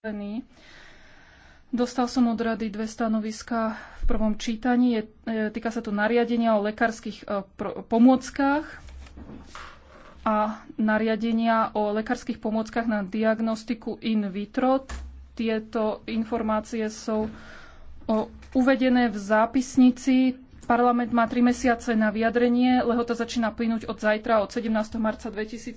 pripravený. Dostal som od rady dve stanoviska v prvom čítaní. Je, e, týka sa to nariadenia o lekárskych e, pomôckach a nariadenia o lekárskych pomôckach na diagnostiku in vitro. Tieto informácie sú e, uvedené v zápisnici. Parlament má tri mesiace na vyjadrenie. Lehota začína plynúť od zajtra, od 17. marca 2000.